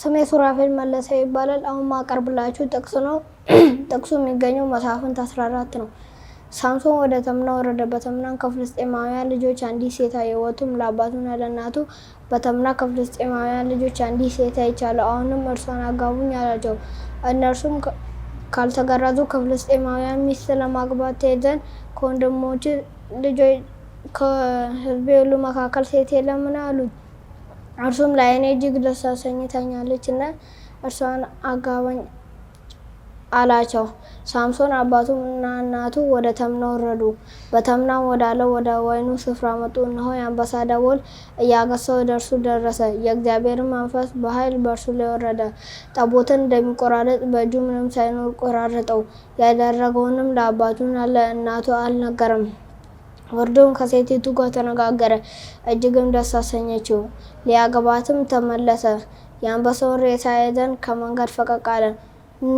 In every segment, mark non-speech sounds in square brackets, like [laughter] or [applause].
ስሜ ሱራፌል መለሰ ይባላል። አሁን ማቀርብላችሁ ጥቅስ ነው። [clears throat] ጥቅሱ የሚገኘው መሳፍንት 14 ነው። ሳምሶን ወደ ተምና ወረደ። በተምናም ከፍልስጤማውያን ልጆች አንዲት ሴት አየ። ለአባቱና ለእናቱ በተምና ከፍልስጤማውያን ልጆች አንዲት ሴት አይቻለሁ፣ አሁንም እርሷን አጋቡኝ አላቸው። እነርሱም ካልተገረዙ ከፍልስጤማውያን ሚስት ለማግባት ትሄደን ከወንድሞች ልጆች ከህዝቤ ሁሉ መካከል ሴት የለምን አሉት። እርሱም ለአይኔ እጅግ ደስ አሰኝታኛለች እና እርሷን አጋባኝ አላቸው። ሳምሶን አባቱም እና እናቱ ወደ ተምና ወረዱ። በተምናም ወዳለው ወደ ወይኑ ስፍራ መጡ። እነሆ የአንበሳ ደቦል እያገሳ ወደ እርሱ ደረሰ። የእግዚአብሔር መንፈስ በኃይል በእርሱ ላይ ወረደ። ጠቦትን እንደሚቆራረጥ በእጁ ምንም ሳይኖር ቆራረጠው። ያደረገውንም ለአባቱና ለእናቱ አልነገረም። ወርዶም ከሴቲቱ ጋር ተነጋገረ፣ እጅግም ደስ አሰኘችው። ሊያገባትም ተመለሰ። የአንበሳውን ሬሳ ይዘን ከመንገድ ፈቀቅ አለን።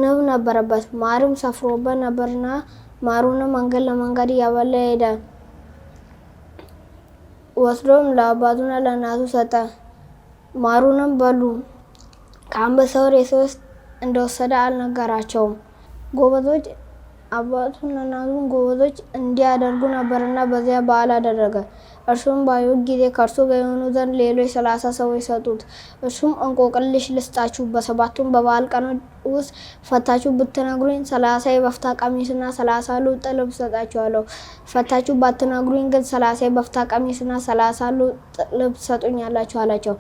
ንብ ነበረበት፣ ማርም ሰፍሮበት ነበርና ማሩንም መንገድ ለመንገድ እያበላ ሄደ። ወስዶም ለአባቱና ለእናቱ ሰጠ። ማሩንም በሉ። ከአንበሳው ሬሳ ውስጥ እንደወሰደ አልነገራቸውም። ጎበዞች አባቱና እናቱን ጎበዞች እንዲያደርጉ ነበርና በዚያ በዓል አደረገ። እርሱም ባዩት ጊዜ ከእርሱ ጋር ዘንድ ሌሎች ሰላሳ ሰዎች ሰጡት። እርሱም እንቆቅልሽ ልስጣችሁ፣ በሰባቱም በበዓል ቀኖች ውስጥ ፈታችሁ ብትነግሩኝ ሰላሳ የበፍታ ቀሚስና ሰላሳ ሉጥ ልብስ ሰጣችኋለሁ። ፈታችሁ ባትነግሩኝ ግን ሰላሳ የበፍታ ቀሚስና ሰላሳ ሉጥ ልብስ ሰጡኛላችሁ አላቸው።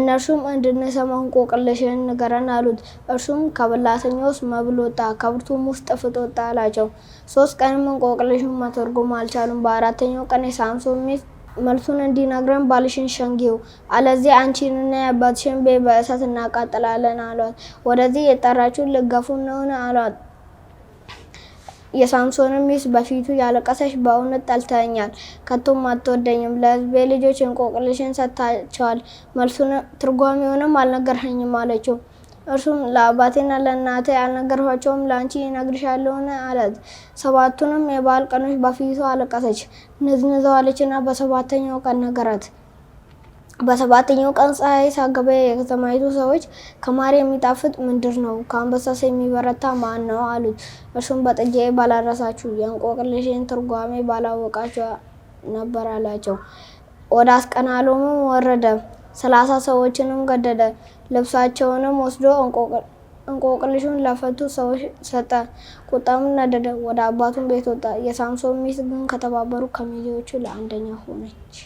እነርሱም እንድንሰማ እንቆቅልሽን ንገረን አሉት። እርሱም ከብላተኛ ውስጥ መብል ወጣ፣ ከብርቱም ውስጥ ጥፍጥ ወጣ አላቸው። ሶስት ቀንም እንቆቅልሹን መተርጎም አልቻሉም። በአራተኛው ቀን የሳምሶን ሚስት መልሱን እንዲነግረን ባልሽን ሸንጊው፣ አለዚያ አንቺንና የአባትሽን ቤት በእሳት እናቃጥላለን አሏት። ወደዚህ የጠራችሁን ልገፉን ነውን አሏት። የሳምሶንም ሚስት በፊቱ ያለቀሰች፣ በእውነት ጠልተኛል፣ ከቶም አትወደኝም። ለሕዝቤ ልጆች እንቆቅልሽን ሰጥታቸዋል፣ መልሱን ትርጓሚውንም አልነገርኸኝም አለችው። እርሱም ለአባቴና ለእናቴ አልነገርኋቸውም፣ ለአንቺ እነግርሻለሁን አላት። ሰባቱንም የበዓል ቀኖች በፊቱ አለቀሰች፣ ነዝንዛዋለችና በሰባተኛው ቀን ነገራት። በሰባተኛው ቀን ፀሐይ ሳገበ የከተማይቱ ሰዎች ከማር የሚጣፍጥ ምንድር ነው? ከአንበሳስ የሚበረታ ማን ነው? አሉት። እርሱም በጥጃዬ ባላረሳችሁ የእንቆቅልሽን ትርጓሜ ባላወቃቸው ነበር አላቸው። ወደ አስቀናሎምም ወረደ፣ ሰላሳ ሰዎችንም ገደለ። ልብሳቸውንም ወስዶ እንቆቅልሹን ለፈቱ ሰዎች ሰጠ። ቁጣም ነደደ፣ ወደ አባቱም ቤት ወጣ። የሳምሶን ሚስት ግን ከተባበሩ ከሚዜዎቹ ለአንደኛ ሆነች።